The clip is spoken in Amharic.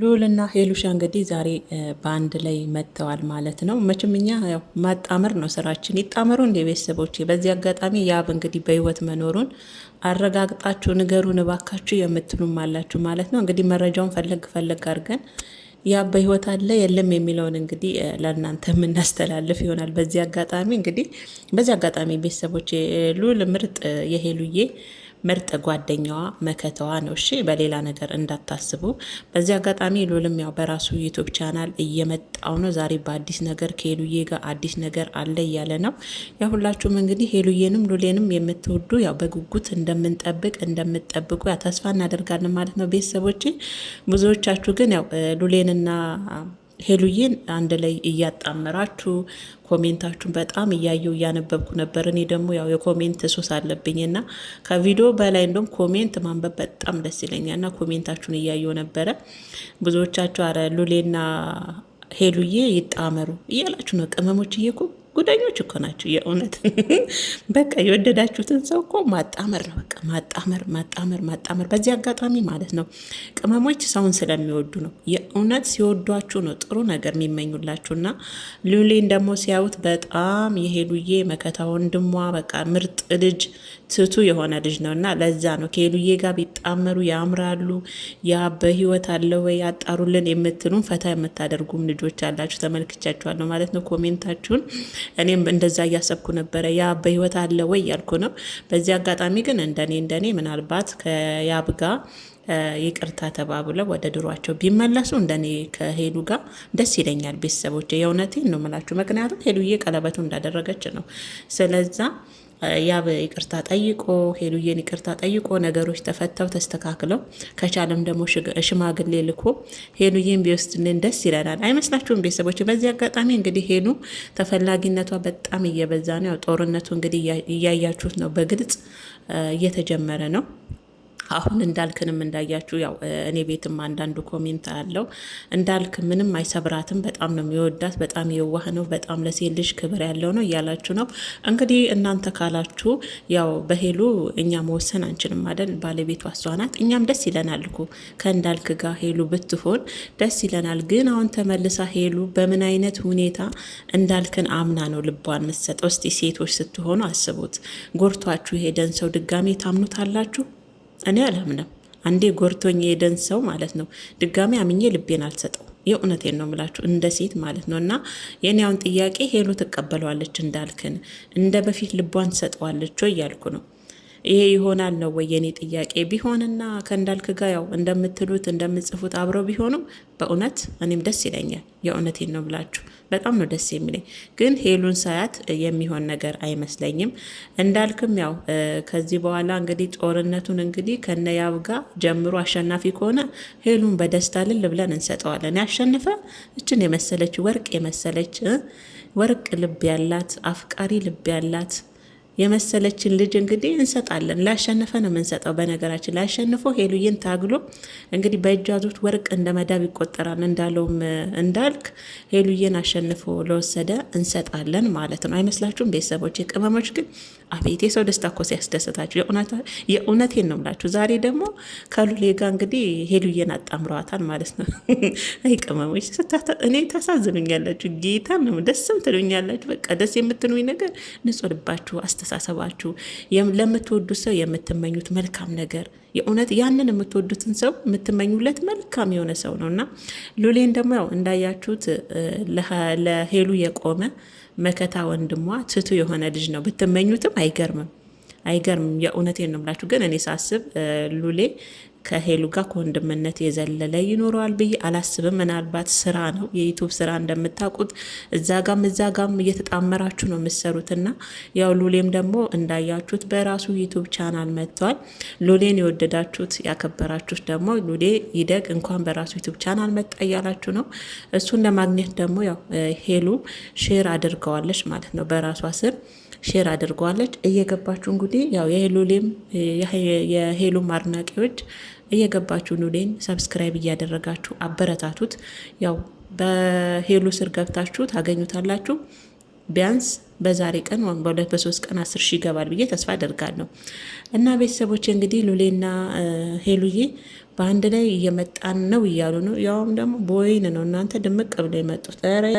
ልዑልና ሄሉሻ እንግዲህ ዛሬ በአንድ ላይ መጥተዋል ማለት ነው። መቼም እኛ ማጣመር ነው ስራችን። ይጣመሩ እንደ ቤተሰቦች። በዚህ አጋጣሚ ያብ እንግዲህ በህይወት መኖሩን አረጋግጣችሁ ንገሩን እባካችሁ የምትሉም አላችሁ ማለት ነው። እንግዲህ መረጃውን ፈለግ ፈለግ አድርገን ያ በህይወት አለ የለም የሚለውን እንግዲህ ለእናንተ የምናስተላልፍ ይሆናል። በዚህ አጋጣሚ እንግዲህ በዚህ አጋጣሚ ቤተሰቦች ልዑል ምርጥ የሄሉዬ ምርጥ ጓደኛዋ መከተዋ ነው። እሺ በሌላ ነገር እንዳታስቡ። በዚህ አጋጣሚ ሉልም ያው በራሱ ዩቱብ ቻናል እየመጣው ነው። ዛሬ በአዲስ ነገር ከሄሉዬ ጋር አዲስ ነገር አለ እያለ ነው። ያ ሁላችሁም እንግዲህ ሄሉዬንም ሉሌንም የምትወዱ ያው በጉጉት እንደምንጠብቅ እንደምትጠብቁ ያው ተስፋ እናደርጋለን ማለት ነው ቤተሰቦች። ብዙዎቻችሁ ግን ያው ሉሌንና ሄሉዬን አንድ ላይ እያጣመራችሁ ኮሜንታችሁን በጣም እያየው እያነበብኩ ነበር። እኔ ደግሞ ያው የኮሜንት ሱስ እና ከቪዲዮ በላይ እንደውም ኮሜንት ማንበብ በጣም ደስ ይለኛልና ኮሜንታችሁን እያየው ነበረ። ብዙዎቻችሁ አረ ሉሌና ሄሉዬ ይጣመሩ እያላችሁ ነው። ቅመሞች እየኩ ጉዳኞች እኮ ናቸው የእውነት። በቃ የወደዳችሁትን ሰው እኮ ማጣመር ነው በቃ ማጣመር ማጣመር ማጣመር። በዚህ አጋጣሚ ማለት ነው ቅመሞች ሰውን ስለሚወዱ ነው የእውነት ሲወዷችሁ ነው ጥሩ ነገር የሚመኙላችሁ። እና ሉሌን ደግሞ ሲያዩት በጣም የሄሉዬ መከታ ወንድሟ በቃ ምርጥ ልጅ ትቱ የሆነ ልጅ ነው እና ለዛ ነው ከሄሉዬ ጋር ቢጣመሩ ያምራሉ። ያ በህይወት አለ ወይ ያጣሩልን የምትሉን ፈታ የምታደርጉም ልጆች አላችሁ ተመልክቻችኋለሁ ማለት ነው ኮሜንታችሁን እኔም እንደዛ እያሰብኩ ነበረ። ያ በህይወት አለ ወይ ያልኩ ነው። በዚህ አጋጣሚ ግን እንደኔ እንደኔ ምናልባት ከያብ ጋር ይቅርታ ተባብለው ወደ ድሯቸው ቢመለሱ እንደኔ ከሄሉ ጋር ደስ ይለኛል። ቤተሰቦች የእውነቴን ነው የምላችሁ። ምክንያቱም ሄሉዬ ቀለበቱ እንዳደረገች ነው ስለዛ ያብ ይቅርታ ጠይቆ ሄሉዬን ይቅርታ ጠይቆ ነገሮች ተፈተው ተስተካክለው ከቻለም ደግሞ ሽማግሌ ልኮ ሄሉዬን ቢወስድልን ደስ ይለናል። አይመስላችሁም ቤተሰቦች? በዚህ አጋጣሚ እንግዲህ ሄሉ ተፈላጊነቷ በጣም እየበዛ ነው። ያው ጦርነቱ እንግዲህ እያያችሁት ነው። በግልጽ እየተጀመረ ነው። አሁን እንዳልክንም እንዳያችሁ ያው እኔ ቤትም አንዳንዱ ኮሜንት አለው እንዳልክ ምንም አይሰብራትም፣ በጣም ነው የሚወዳት፣ በጣም የዋህ ነው፣ በጣም ለሴት ልጅ ክብር ያለው ነው እያላችሁ ነው። እንግዲህ እናንተ ካላችሁ ያው በሄሉ እኛ መወሰን አንችልም አይደል? ባለቤቷ እሷ ናት። እኛም ደስ ይለናል እኮ ከእንዳልክ ጋር ሄሉ ብትሆን ደስ ይለናል። ግን አሁን ተመልሳ ሄሉ በምን አይነት ሁኔታ እንዳልክን አምና ነው ልቧን ምትሰጠው? እስቲ ሴቶች ስትሆኑ አስቡት። ጎርቷችሁ የሄደን ሰው ድጋሜ ታምኑታላችሁ? እኔ አላምንም። አንዴ ጎርቶኝ የሄደን ሰው ማለት ነው ድጋሚ አምኜ ልቤን አልሰጠው። የእውነቴን ነው የምላችሁ እንደ ሴት ማለት ነው። እና የኔያውን ጥያቄ ሄሉ ትቀበለዋለች እንዳልክን እንደ በፊት ልቧን ትሰጠዋለች እያልኩ ነው ይሄ ይሆናል ነው ወይ የኔ ጥያቄ። ቢሆንና ከእንዳልክ ጋ ያው እንደምትሉት እንደምጽፉት አብረው ቢሆኑ በእውነት እኔም ደስ ይለኛል። የእውነቴን ነው ብላችሁ በጣም ነው ደስ የሚለኝ። ግን ሄሉን ሳያት የሚሆን ነገር አይመስለኝም። እንዳልክም ያው ከዚህ በኋላ እንግዲህ ጦርነቱን እንግዲህ ከነያብ ጋ ጀምሮ አሸናፊ ከሆነ ሄሉን በደስታ ልል ብለን እንሰጠዋለን። ያሸንፈ እችን የመሰለች ወርቅ የመሰለች ወርቅ ልብ ያላት አፍቃሪ ልብ ያላት የመሰለችን ልጅ እንግዲህ እንሰጣለን። ላሸንፈ ነው የምንሰጠው። በነገራችን ላሸንፎ ሄሉዬን ታግሎ እንግዲህ በእጇ ዙት ወርቅ እንደ መዳብ ይቆጠራል እንዳለውም እንዳልክ ሄሉዬን አሸንፎ ለወሰደ እንሰጣለን ማለት ነው። አይመስላችሁም? ቤተሰቦች ቅመሞች ግን አቤት የሰው ደስታ እኮ ሲያስደስታችሁ የእውነቴን ነው ምላችሁ። ዛሬ ደግሞ ከሉሌ ጋር እንግዲህ ሄሉዬን አጣምረዋታል ማለት ነው። አይ ቅመሞች፣ እኔ ታሳዝኑኛላችሁ። ጌታ ነው ደስም ትሉኛላችሁ። በቃ ደስ የምትሉኝ ነገር ንጹህ ልባችሁ አስተ አስተሳሰባችሁ፣ ለምትወዱት ሰው የምትመኙት መልካም ነገር የእውነት ያንን የምትወዱትን ሰው የምትመኙለት መልካም የሆነ ሰው ነው እና ሉሌን ደግሞ ያው እንዳያችሁት ለሄሉ የቆመ መከታ ወንድሟ ትቱ የሆነ ልጅ ነው። ብትመኙትም አይገርምም። አይገርም። የእውነቴን ነው ግን እኔ ሳስብ ሉሌ ከሄሉ ጋር ከወንድምነት የዘለለ ይኖረዋል ብዬ አላስብም። ምናልባት ስራ ነው የዩቱብ ስራ እንደምታውቁት፣ እዛ ጋም እዛ ጋም እየተጣመራችሁ ነው የምሰሩት እና ያው ሉሌም ደግሞ እንዳያችሁት በራሱ ዩቱብ ቻናል መጥቷል። ሉሌን የወደዳችሁት ያከበራችሁት ደግሞ ሉሌ ይደግ እንኳን በራሱ ዩቱብ ቻናል መጣ እያላችሁ ነው። እሱን ለማግኘት ደግሞ ያው ሄሉ ሼር አድርገዋለች ማለት ነው በራሷ ስር ሼር አድርገዋለች። እየገባችሁ እንግዲህ ያው የሄሉሌም የሄሉም አድናቂዎች እየገባችሁ ኑሌን ሰብስክራይብ እያደረጋችሁ አበረታቱት። ያው በሄሉ ስር ገብታችሁ ታገኙታላችሁ ቢያንስ በዛሬ ቀን ወይም በሁለት በሶስት ቀን አስር ሺህ ይገባል ብዬ ተስፋ አደርጋለሁ። እና ቤተሰቦች እንግዲህ ሉሌና ሄሉዬ በአንድ ላይ እየመጣን ነው እያሉ ነው። ያውም ደግሞ በወይን ነው እናንተ ድምቅ ብለው የመጡት